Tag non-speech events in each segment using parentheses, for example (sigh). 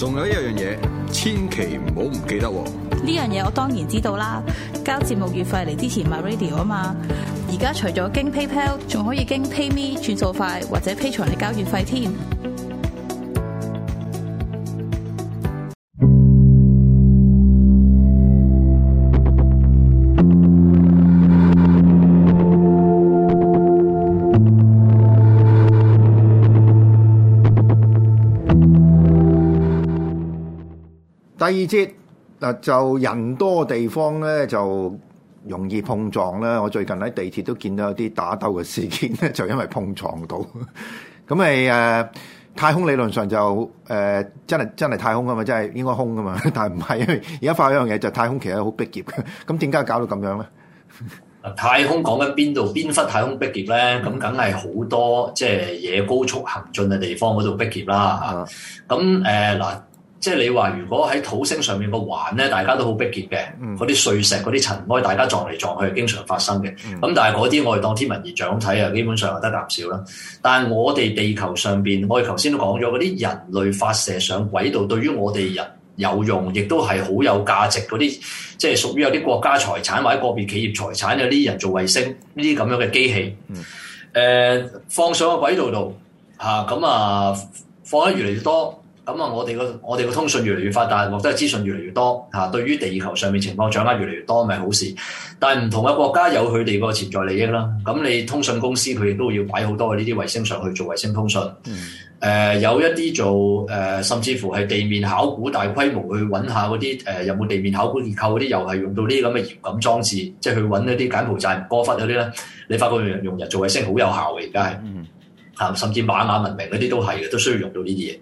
仲有一樣嘢，千祈唔好唔記得喎！呢樣嘢我當然知道啦，交節目月費嚟支持 MyRadio 啊嘛！而家除咗經 PayPal，仲可以經 PayMe 轉數快，或者 Patreon 嚟交月費添。第二節嗱，就人多地方咧，就容易碰撞啦。我最近喺地鐵都見到有啲打鬥嘅事件咧，就因為碰撞到。咁咪誒，太空理論上就誒、呃、真係真係太空啊嘛，真係應該空噶嘛，但係唔係。因為而家發一樣嘢就太空其實好逼劫嘅。咁點解搞到咁樣咧？太空講緊邊度邊忽太空逼劫咧？咁梗係好多即係、就是、野高速行進嘅地方嗰度逼劫啦。咁誒嗱。嗯即係你話，如果喺土星上面個環咧，大家都好逼結嘅，嗰啲、嗯、碎石、嗰啲塵埃，大家撞嚟撞去，經常發生嘅。咁、嗯、但係嗰啲我哋當天文現象睇啊，基本上係得啖少啦。但係我哋地球上邊，我哋頭先都講咗嗰啲人類發射上軌道，對於我哋人有用，亦都係好有價值嗰啲，即係、就是、屬於有啲國家財產或者個別企業財產有啲人造衛星呢啲咁樣嘅機器，誒、嗯呃、放上個軌道度嚇，咁啊，啊放得越嚟越多。咁啊，我哋個我哋個通訊越嚟越發達，獲得嘅資訊越嚟越多嚇。對於地球上面情況掌握越嚟越多，咪好事。但係唔同嘅國家有佢哋個潛在利益啦。咁你通訊公司佢亦都要擺好多嘅呢啲衛星上去做衛星通訊。誒、嗯呃、有一啲做誒、呃，甚至乎係地面考古大規模去揾下嗰啲誒，有冇地面考古熱購嗰啲，又係用到呢啲咁嘅遙感裝置，即係去揾一啲柬埔寨、吳哥窟嗰啲咧。你發覺用用人做衛星好有效嘅，而家係嚇，嗯、甚至瑪雅文明嗰啲都係嘅，都需要用到呢啲嘢。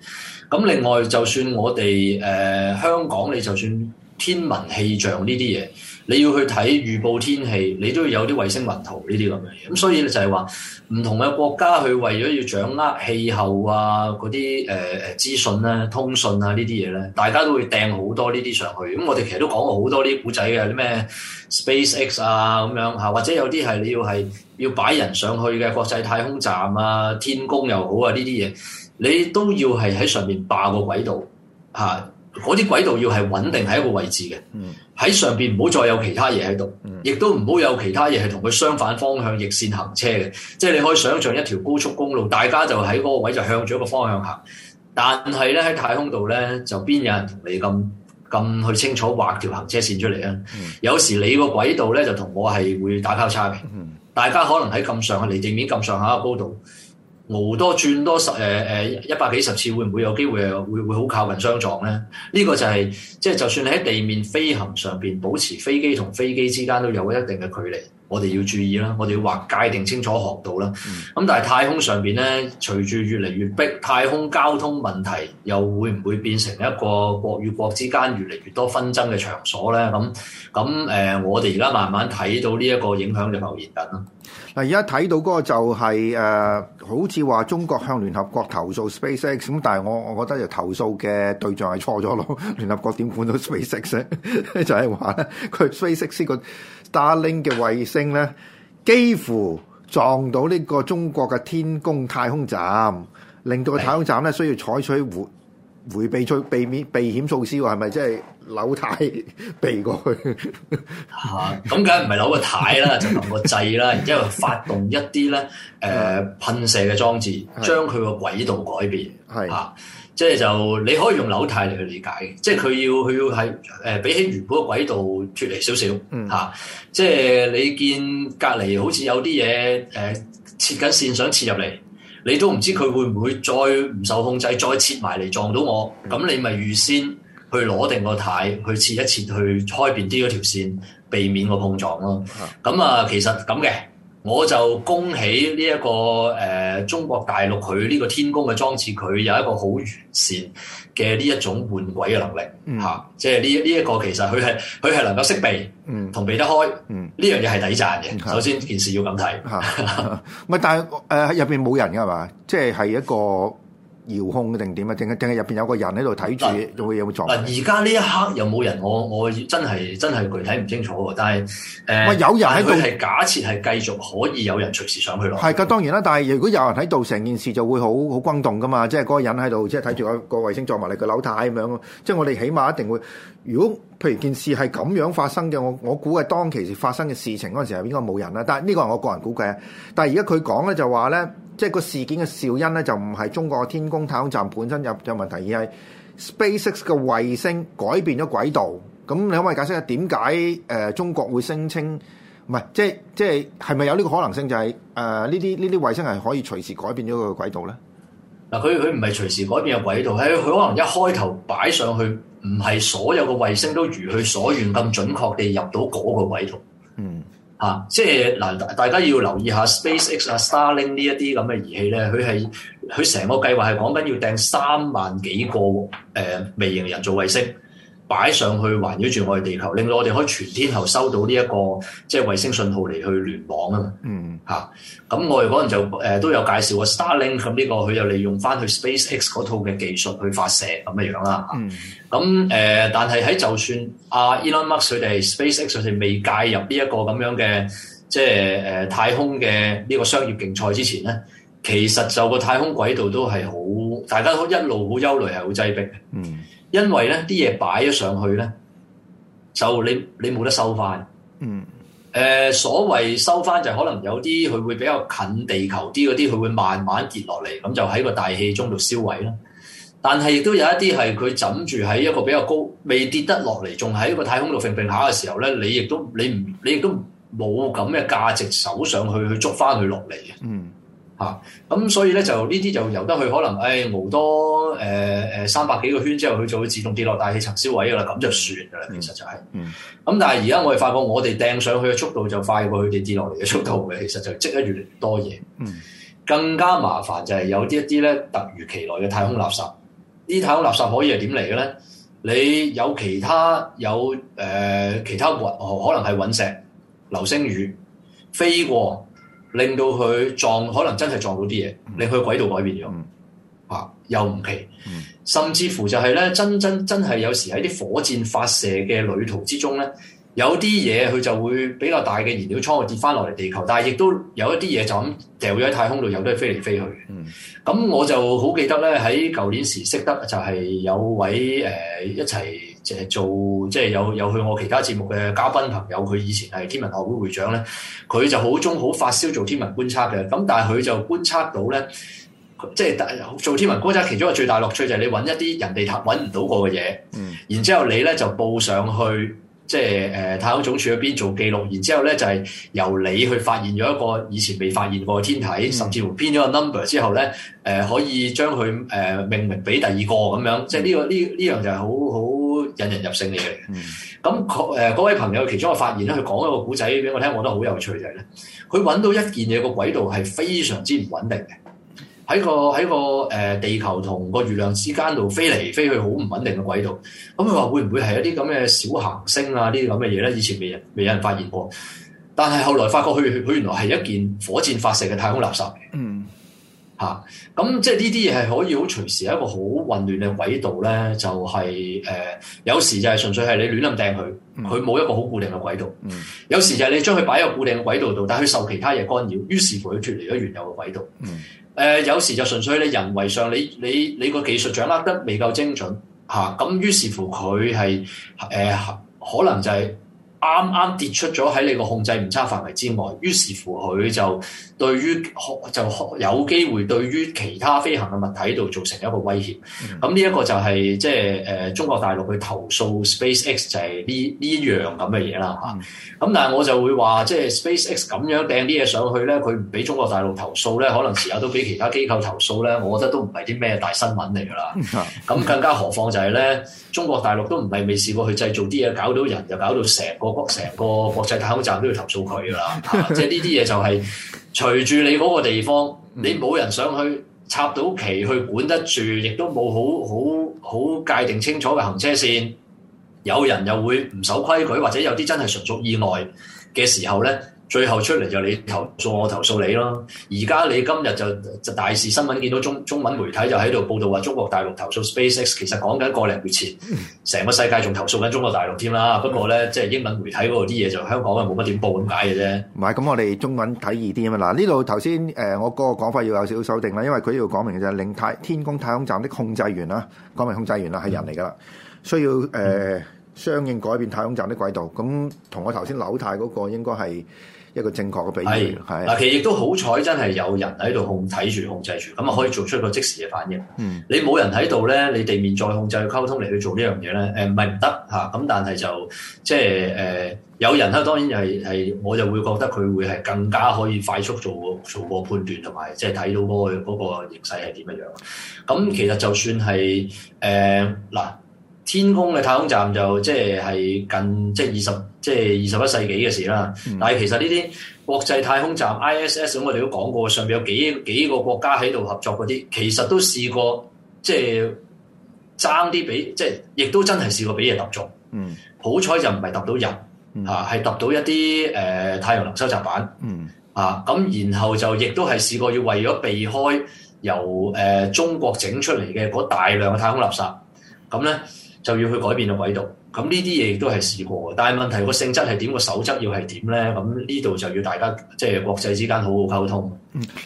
咁另外，就算我哋誒、呃、香港，你就算天文氣象呢啲嘢，你要去睇預報天氣，你都要有啲衛星雲圖呢啲咁樣嘢。咁、嗯、所以咧就係話唔同嘅國家佢為咗要掌握氣候啊嗰啲誒誒資訊咧，啊、通訊啊呢啲嘢咧，大家都會掟好多呢啲上去。咁、嗯、我哋其實都講過好多啲古仔嘅，啲咩 SpaceX 啊咁樣吓，或者有啲係你要係要擺人上去嘅國際太空站啊、天宮又好啊呢啲嘢。你都要係喺上面霸個軌道，吓，嗰啲軌道要係穩定喺一個位置嘅，喺、嗯、上邊唔好再有其他嘢喺度，亦都唔好有其他嘢係同佢相反方向逆線行車嘅。即係你可以想象一條高速公路，大家就喺嗰個位就向住一個方向行，但係咧喺太空度咧，就邊有人同你咁咁去清楚畫條行車線出嚟咧？嗯、有時你個軌道咧就同我係會打交叉嘅，嗯嗯、大家可能喺咁上下離地面咁上下嘅高度。熬多轉多十，誒誒、一百幾十次，會唔會有機會會會好靠近相撞呢？呢個就係即係，就算你喺地面飛行上面，保持飛機同飛機之間都有一定嘅距離。我哋要注意啦，我哋要劃界定清楚航道啦。咁、嗯、但係太空上邊咧，隨住越嚟越逼，太空交通問題又會唔會變成一個國與國之間越嚟越多紛爭嘅場所咧？咁咁誒，我哋而家慢慢睇到呢一個影響就浮現緊啦。嗱，而家睇到嗰個就係、是、誒、呃、好似話中國向聯合國投訴 SpaceX，咁但係我我覺得就投訴嘅對象係錯咗咯。聯 (laughs) 合國點管到 SpaceX？咧， (laughs) 就係話咧，佢 SpaceX、那個。Starlink 嘅衛星咧，幾乎撞到呢個中國嘅天宮太空站，令到個太空站咧需要採取活。回避措避免避險措施喎，係咪即係扭軚避過去？嚇、啊，咁梗唔係扭個軚啦， (laughs) 就扭個掣啦，然之後發動一啲咧誒噴射嘅裝置，將佢個軌道改變。係嚇是、啊，即係就你可以用扭軚嚟去理解，即係佢要佢要係誒、呃、比起原本個軌道脫離少少嚇，即係你見隔籬好似有啲嘢誒切緊線想切入嚟。你都唔知佢會唔會再唔受控制，再切埋嚟撞到我，咁你咪預先去攞定個軚去切一切去開邊啲嗰條線，避免個碰撞咯。咁啊，其實，咁嘅。我就恭喜呢、這、一個誒、呃、中國大陸佢呢個天宮嘅裝置，佢有一個好完善嘅呢一種換軌嘅能力嚇、嗯啊，即係呢呢一個其實佢係佢係能夠識避，嗯，同避得開，嗯，呢樣嘢係抵讚嘅。嗯、首先、嗯、件事要咁睇嚇，唔係但係喺入邊冇人㗎嘛，即係係一個。遙控嘅定點啊？定係定係入邊有個人喺度睇住，會有冇撞？而家呢一刻又冇人，我我真係真係具體唔清楚喎。但係誒，呃呃、有人喺度係假設係繼續可以有人隨時上去落。係噶、嗯去，當然啦。但係如果有人喺度，成件事就會好好轟動噶嘛。即係嗰個人喺度，即係睇住個、嗯、個衛星撞埋你個樓太咁樣。即係我哋起碼一定會。如果譬如件事係咁樣發生嘅，我我估係當其時發生嘅事情嗰陣時係應該冇人啦。但係呢個係我個人估計。但係而家佢講咧就話咧。即係個事件嘅肇因咧，就唔係中國天宮太空站本身有有問題，而係 SpaceX 嘅衛星改變咗軌道。咁你可唔可以解釋下點解誒中國會聲稱？唔係即係即係係咪有呢個可能性，就是？就係誒呢啲呢啲衛星係可以隨時改變咗個軌道咧？嗱，佢佢唔係隨時改變嘅軌道，係佢可能一開頭擺上去，唔係所有嘅衛星都如佢所願咁準確地入到嗰個軌道。嚇、啊！即係嗱，大家要留意下 SpaceX 啊、Starlink 呢一啲咁嘅儀器咧，佢係佢成個計劃係講緊要掟三萬幾個誒、呃、微型人造衛星。擺上去環繞住我哋地球，令到我哋可以全天候收到呢、這、一個即係衛星信號嚟去聯網啊嘛。嗯，嚇、啊，咁我哋可能就誒、呃、都有介紹過 Starlink 呢個，佢又利用翻去 SpaceX 嗰套嘅技術去發射咁嘅樣啦。嗯、啊，咁、呃、誒，但係喺就算阿、啊、Elon Musk 佢哋 SpaceX 佢哋未介入呢一個咁樣嘅即係誒、呃、太空嘅呢個商業競賽之前咧，其實就個太空軌道都係好，大家都一路好憂慮，係好擠迫嘅。嗯。因為咧啲嘢擺咗上去咧，就你你冇得收翻。嗯。誒、呃，所謂收翻就可能有啲佢會比較近地球啲嗰啲，佢會慢慢跌落嚟，咁就喺個大氣中度燒毀啦。但係亦都有一啲係佢枕住喺一個比較高，未跌得落嚟，仲喺個太空度平平下嘅時候咧，你亦都你唔你亦都冇咁嘅價值，收上去去捉翻佢落嚟嘅。嗯。嚇，咁、啊、所以咧就呢啲就由得佢，可能誒熬、哎、多誒誒、呃、三百幾個圈之後，佢就會自動跌落大氣層銷毀啊啦，咁就算噶啦，其實就係、是。嗯。咁但係而家我哋發覺，我哋掟上去嘅速度就快過佢哋跌落嚟嘅速度嘅，其實就積得越嚟越多嘢。嗯。更加麻煩就係有啲一啲咧突如其來嘅太空垃，垃圾。啲太空垃圾可以係點嚟嘅咧？你有其他有誒、呃、其他雲、呃、可能係隕石、流星雨飛過，令到佢撞，可能真係撞到啲嘢，令佢軌道改變咗啊、嗯！又唔奇，嗯、甚至乎就係咧，真真真係有時喺啲火箭發射嘅旅途之中咧，有啲嘢佢就會比較大嘅燃料倉會跌翻落嚟地球，但係亦都有一啲嘢就咁掉咗喺太空度，又都係飛嚟飛去嘅。咁、嗯、我就好記得咧，喺舊年時識得就係有位誒、呃、一齊。就係做即係有有去我其他節目嘅嘉賓朋友，佢以前係天文學會會長咧，佢就好鍾好發燒做天文觀測嘅。咁但係佢就觀測到咧，即係做天文觀測其中嘅最大樂趣就係你揾一啲人哋揾唔到過嘅嘢，嗯、然之後你咧就報上去，即係誒、呃、太空總署嗰邊做記錄，然之後咧就係由你去發現咗一個以前未發現過嘅天體，嗯、甚至乎編咗個 number 之後咧，誒、呃、可以將佢誒命名俾第二個咁樣，即係呢、呢個呢呢樣就係好好。引人入勝嘅嘢嚟嘅，咁誒、嗯那個呃、位朋友其中嘅發現咧，佢講一個古仔俾我聽，我覺得好有趣就係咧。佢揾到一件嘢個軌道係非常之唔穩定嘅，喺個喺個誒、呃、地球同個月亮之間度飛嚟飛去，好唔穩定嘅軌道。咁佢話會唔會係一啲咁嘅小行星啊？呢啲咁嘅嘢咧，以前未未有人發現過，但係後來發覺佢佢原來係一件火箭發射嘅太空垃圾。嗯嚇！咁、啊、即係呢啲嘢係可以好隨時喺一個好混亂嘅軌道咧，就係、是、誒、呃，有時就係純粹係你亂咁掟佢，佢冇一個好固定嘅軌道；嗯、有時就係你將佢擺喺個固定嘅軌道度，但係佢受其他嘢干擾，於是乎佢脱離咗原有嘅軌道。誒、嗯呃，有時就純粹你人為上你你你個技術掌握得未夠精準嚇，咁、啊、於是乎佢係誒可能就係、是。啱啱跌出咗喺你個控制誤差範圍之外，於是乎佢就對於就有機會對於其他飛行嘅物體度造成一個威脅，咁呢一個就係即係誒中國大陸去投訴 SpaceX 就係呢呢樣咁嘅嘢啦吓，咁、嗯、但係我就會話即係 SpaceX 咁樣掟啲嘢上去咧，佢唔俾中國大陸投訴咧，可能時日都俾其他機構投訴咧，我覺得都唔係啲咩大新聞嚟㗎啦。咁、嗯、更加何況就係、是、咧，中國大陸都唔係未試過去製造啲嘢搞到人就搞到成個。我國成個國際太空站都要投訴佢㗎喇，即係呢啲嘢就係隨住你嗰個地方，你冇人上去插到旗去管得住，亦都冇好好好界定清楚嘅行車線，有人又會唔守規矩，或者有啲真係純屬意外嘅時候咧。最後出嚟就你投訴我，投訴你咯。而家你今日就就大事新聞見到中中文媒體就喺度報道話中國大陸投訴 SpaceX，其實講緊個零月前，成個世界仲投訴緊中國大陸添啦。 (laughs) 不過咧，即係英文媒體嗰度啲嘢就香港啊冇乜點報咁解嘅啫。唔係、嗯，咁我哋中文睇易啲啊嘛。嗱、嗯，呢度頭先誒我個講法要有少少修訂啦，因為佢要講明嘅就係，令太天宮太空站的控制員啦，講明控制員啦係人嚟噶啦，需要誒、呃、相應改變太空站的軌道。咁同我頭先樓太嗰個應該係。一個正確嘅比喻係嗱，係，係，其實亦都好彩，真係有人喺度控睇住、控制住，咁啊可以做出一個即時嘅反應。嗯，你冇人喺度咧，你地面再控制去溝通嚟去做呢樣嘢咧，誒唔係唔得嚇。咁、啊、但係就即係誒有人咧，當然係係，我就會覺得佢會係更加可以快速做做個判斷同埋即係睇到嗰個嗰個形勢係點樣樣。咁、啊、其實就算係誒嗱。呃天宮嘅太空站就即係近即係二十即係二十一世紀嘅事啦。嗯、但係其實呢啲國際太空站 I S S 我哋都講過，上面有幾幾個國家喺度合作嗰啲，其實都試過即係爭啲比即係，亦都真係試過比嘢揼中。嗯，好彩就唔係揼到人嚇，係揼、嗯啊、到一啲誒、呃、太陽能收集板。嗯，嚇咁、啊，然後就亦都係試過要為咗避開由誒、呃、中國整出嚟嘅大量嘅太空垃圾，咁咧。就要去改變個軌道，咁呢啲嘢亦都係試過。但係問題個性質係點，個守則要係點咧？咁呢度就要大家即係、就是、國際之間好好溝通。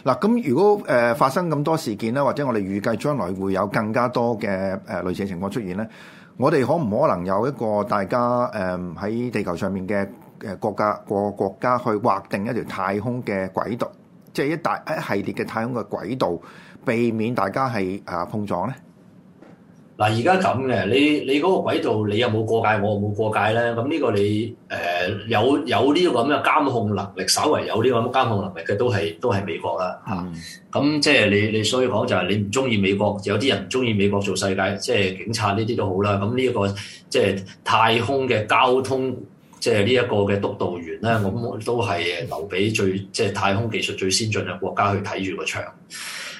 嗱、嗯，咁如果誒、呃、發生咁多事件啦，或者我哋預計將來會有更加多嘅誒、呃、類似嘅情況出現咧，我哋可唔可能有一個大家誒喺、呃、地球上面嘅誒國家個國家去劃定一條太空嘅軌道，即係一大一系列嘅太空嘅軌道，避免大家係啊、呃、碰撞咧？嗱，而家咁嘅，你你嗰個軌道，你有冇過界？我冇過界咧。咁呢個你誒、呃、有有呢個咁嘅監控能力，稍微有呢個咁嘅監控能力嘅，都係都係美國啦嚇。咁即係你你所以講就係你唔中意美國，有啲人唔中意美國做世界，即係警察呢啲都好啦。咁呢一個即係太空嘅交通，即係呢一個嘅督導員咧，咁都係留俾最即係太空技術最先進嘅國家去睇住個場。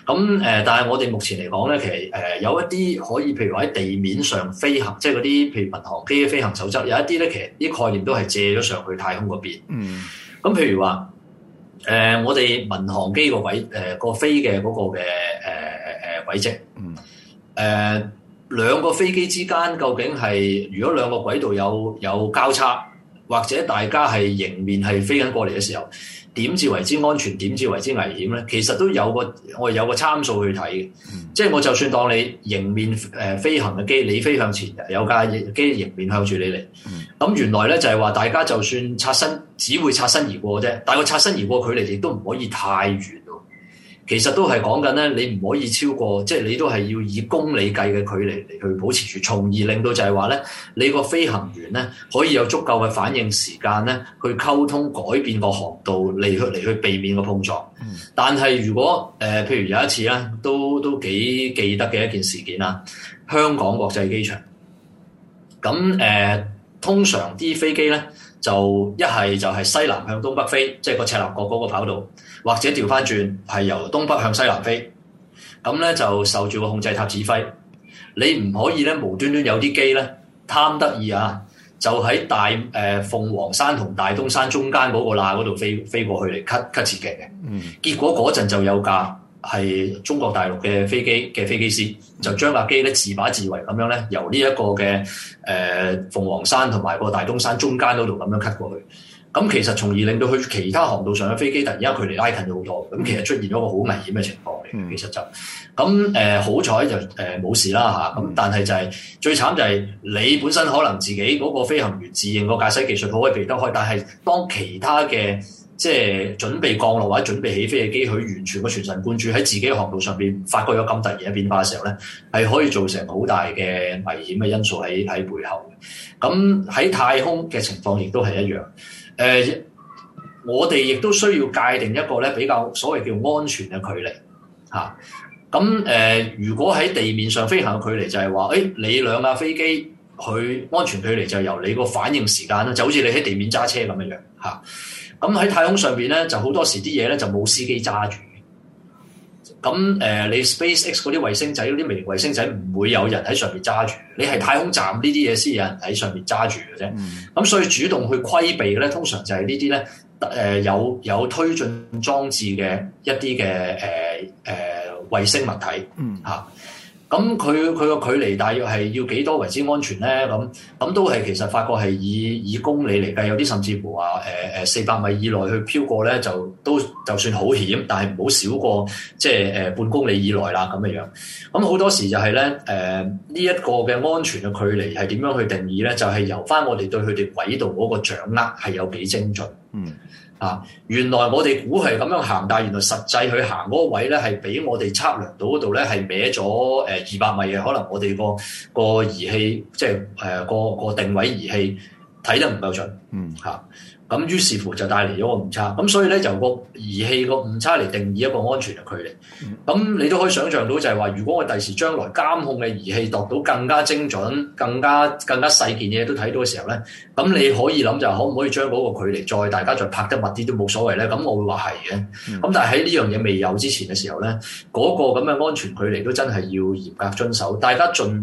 咁誒，但係我哋目前嚟講咧，其實誒有一啲可以，譬如話喺地面上飛行，嗯、即係嗰啲譬如民航機嘅飛行守則，有一啲咧，其實啲概念都係借咗上去太空嗰邊。嗯，咁譬如話，誒、呃、我哋民航機、呃、個位，誒個飛嘅嗰個嘅誒誒軌跡，嗯、呃，誒兩個飛機之間究竟係如果兩個軌道有有交叉，或者大家係迎面係飛緊過嚟嘅時候。點至為之安全，點至為之危險呢？其實都有個我有個參數去睇嘅，嗯、即係我就算當你迎面誒飛行嘅機，你飛向前，有架機迎面向住你嚟，咁、嗯嗯、原來呢，就係話大家就算擦身，只會擦身而過啫，但係個擦身而過距離亦都唔可以太遠。其實都係講緊咧，你唔可以超過，即係你都係要以公里計嘅距離嚟去保持住，從而令到就係話咧，你個飛行員咧可以有足夠嘅反應時間咧，去溝通改變個航道，嚟去嚟去避免個碰撞。但係如果誒、呃，譬如有一次咧，都都幾記得嘅一件事件啦，香港國際機場咁誒。通常啲飛機呢，就一係就係西南向東北飛，即係個赤鱲角嗰個跑道，或者調翻轉係由東北向西南飛。咁呢，就受住個控制塔指揮，你唔可以咧無端端有啲機呢，貪得意啊，就喺大誒、呃、鳳凰山同大東山中間嗰個罅嗰度飛飛過去嚟 cut cut 切鏡嘅。嗯，結果嗰陣就有架係中國大陸嘅飛機嘅飛機師，就將架機咧自把自為咁樣咧，由呢一個嘅誒鳳凰山同埋個大東山中間嗰度咁樣 cut 過去，咁其實從而令到佢其他航道上嘅飛機突然之間距離拉近咗好多，咁其實出現咗一個好危險嘅情況、嗯、其實就咁誒好彩就誒冇事啦嚇，咁、啊、但係就係、是、最慘就係你本身可能自己嗰個飛行員自認個駕駛技術好可以避得開，但係當其他嘅即係準備降落或者準備起飛嘅機，佢完全個全神貫注喺自己嘅航道上邊，發覺有咁突然嘅變化嘅時候咧，係可以造成好大嘅危險嘅因素喺喺背後嘅。咁喺太空嘅情況亦都係一樣。誒、呃，我哋亦都需要界定一個咧比較所謂叫安全嘅距離嚇。咁、啊、誒、呃，如果喺地面上飛行嘅距離就係話，誒你兩架飛機，佢安全距離就由你個反應時間啦，就好似你喺地面揸車咁樣樣嚇。咁、啊、喺太空上邊咧，就好多時啲嘢咧就冇司機揸住咁，誒，你 SpaceX 嗰啲衛星仔，嗰啲微型衛星仔唔會有人喺上面揸住。你係太空站呢啲嘢先有人喺上面揸住嘅啫。咁、啊、所以主動去規避嘅咧，通常就係呢啲咧誒有有推進裝置嘅一啲嘅誒誒衛星物體嚇。啊咁佢佢個距離大約係要幾多為之安全呢？咁咁都係其實發覺係以以公里嚟計，有啲甚至乎話誒誒四百米以內去飄過呢，就都就算好險，但係唔好少過即係誒、呃、半公里以內啦咁嘅樣。咁好多時就係咧誒呢一個嘅安全嘅距離係點樣去定義呢？就係、是、由翻我哋對佢哋軌道嗰個掌握係有幾精準。嗯啊！原來我哋估係咁樣行，但係原來實際去行嗰個位咧，係比我哋測量到嗰度咧，係歪咗誒二百米嘅。可能我哋個個儀器，即係誒、呃、個個定位儀器睇得唔夠準。嗯，嚇。咁於是乎就帶嚟咗個誤差，咁所以呢，由個儀器個誤差嚟定義一個安全嘅距離。咁、嗯、你都可以想象到就，就係話如果我第時將來監控嘅儀器度到更加精準、更加更加細件嘢都睇到嘅時候呢，咁你可以諗就可唔可以將嗰個距離再大家再拍得密啲都冇所謂呢？咁我會話係嘅。咁、嗯、但係喺呢樣嘢未有之前嘅時候呢，嗰、嗰個咁嘅安全距離都真係要嚴格遵守。大家盡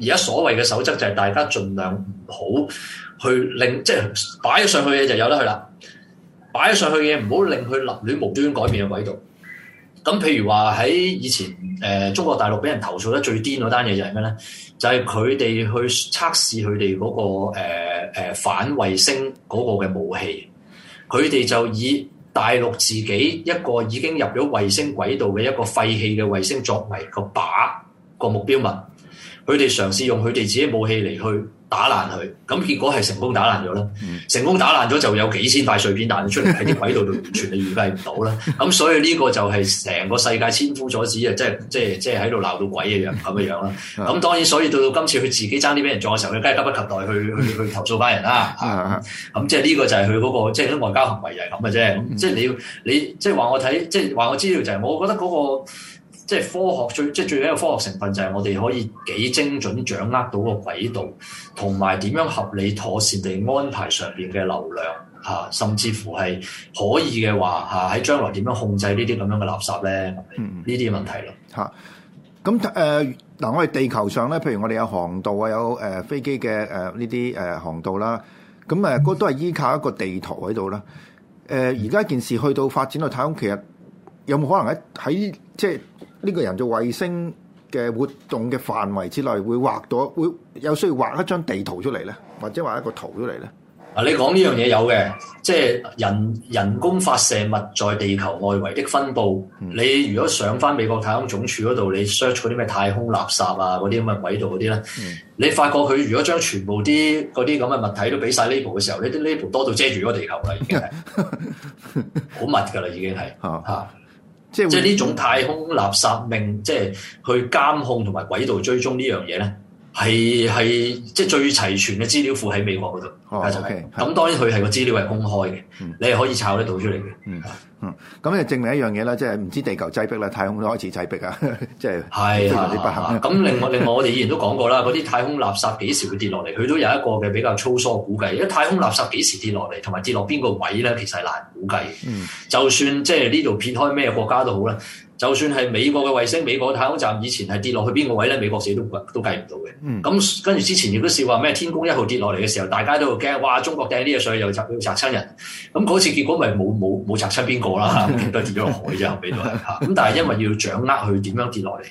而家所謂嘅守則就係大家儘量唔好。去令即係擺咗上去嘢就有得去啦。擺咗上去嘢唔好令佢立亂無端改變嘅軌道。咁譬如話喺以前誒、呃、中國大陸俾人投訴得最癲嗰單嘢就係咩咧？就係佢哋去測試佢哋嗰個誒、呃、反衛星嗰個嘅武器。佢哋就以大陸自己一個已經入咗衛星軌道嘅一個廢棄嘅衛星作為個靶個目標物。佢哋嘗試用佢哋自己武器嚟去。打爛佢，咁結果係成功打爛咗啦。嗯、成功打爛咗就有幾千塊碎片彈出嚟喺啲軌道度，完全預計唔到啦。咁、 (laughs) 嗯、所以呢個就係成個世界千夫所指啊！即係即係即係喺度鬧到鬼嘅樣咁嘅樣啦。咁、 (laughs) 嗯、當然所以到到今次佢自己爭啲俾人撞嘅時候，佢梗係急不及待去去去投訴翻人啦。咁即係呢個就係佢嗰個即係外交行為就係咁嘅啫。嗯、即係你要你即係話我睇，即係話我知道就係，我覺得嗰、嗰個。即係科學即最即係最一個科學成分就係我哋可以幾精準掌握到個軌道，同埋點樣合理妥善地安排上邊嘅流量嚇、啊，甚至乎係可以嘅話嚇喺將來點樣控制呢啲咁樣嘅垃圾咧？呢啲、嗯、問題咯嚇。咁誒嗱，我哋地球上咧，譬、呃、如我哋有航道啊，有誒、呃、飛機嘅誒呢啲誒航道啦。咁、呃、誒、呃、都係依靠一個地圖喺度啦。誒而家件事去到發展到太空，其實有冇可能喺喺即係？呢個人造衛星嘅活動嘅範圍之內，會畫到會有需要畫一張地圖出嚟咧，或者畫一個圖出嚟咧。啊，你講呢樣嘢有嘅，即係人人工發射物在地球外圍的分布。你如果上翻美國太空總署嗰度，你 search 嗰啲咩太空垃圾啊嗰啲咁嘅軌道嗰啲咧，你發覺佢如果將全部啲嗰啲咁嘅物體都俾晒呢部嘅時候，你啲呢部多到遮住個地球啦，已經係好密㗎啦，已經係嚇。 (laughs) 即係呢種太空垃圾命，即係去監控同埋軌道追蹤呢樣嘢咧。係係，即係最齊全嘅資料庫喺美國嗰度，係就係。咁、okay, 當然佢係個資料係公開嘅，嗯、你係可以查得到出嚟嘅、嗯。嗯，咁、嗯、就證明一樣嘢啦，即係唔知地球擠迫啦，太空都開始擠迫啊！即係，係係、哎。咁另外另外，嗯、另外我哋以前都講過啦，嗰啲太空垃圾幾時會跌落嚟？佢都有一個嘅比較粗疏嘅估計。因為太空垃圾幾時跌落嚟，同埋跌落邊個位咧，其實係難估計。嗯，就算即係呢度撇開咩國家都好啦。就算係美國嘅衛星、美國太空站，以前係跌落去邊個位咧？美國死都，都計都計唔到嘅。咁、嗯、跟住之前亦都試話咩？天宮一號跌落嚟嘅時候，大家都驚，話中國掟啲嘢上去又砸要砸親人。咁、那、嗰、個、次結果咪冇冇冇砸親邊個啦？都 (laughs) 跌咗落海啫，後尾都係。咁 (laughs) 但係因為要掌握佢點樣跌落嚟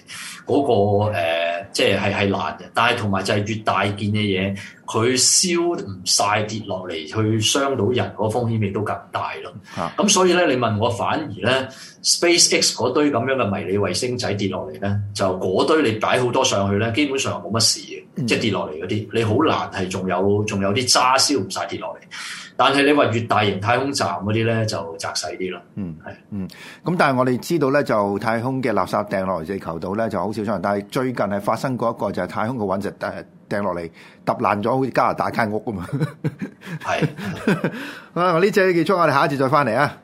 嗰個、呃即係係係難嘅，但係同埋就係越大件嘅嘢，佢燒唔晒跌落嚟，去傷到人個風險亦都更大咯。咁、啊、所以咧，你問我反而咧，SpaceX 嗰堆咁樣嘅迷你衛星仔跌落嚟咧，就嗰堆你擺好多上去咧，基本上冇乜事嘅，嗯、即係跌落嚟嗰啲，你好難係仲有仲有啲渣燒唔晒跌落嚟。但係你話越大型太空站嗰啲咧就窄細啲咯。嗯，係，嗯，咁但係我哋知道咧就太空嘅垃圾掟落嚟地球度咧就好少出現，但係最近係發生過一個就係太空嘅隕石誒掟落嚟揼爛咗好似加拿大間屋咁嘛。係啊！呢集嘅結束，我哋下一節再翻嚟啊！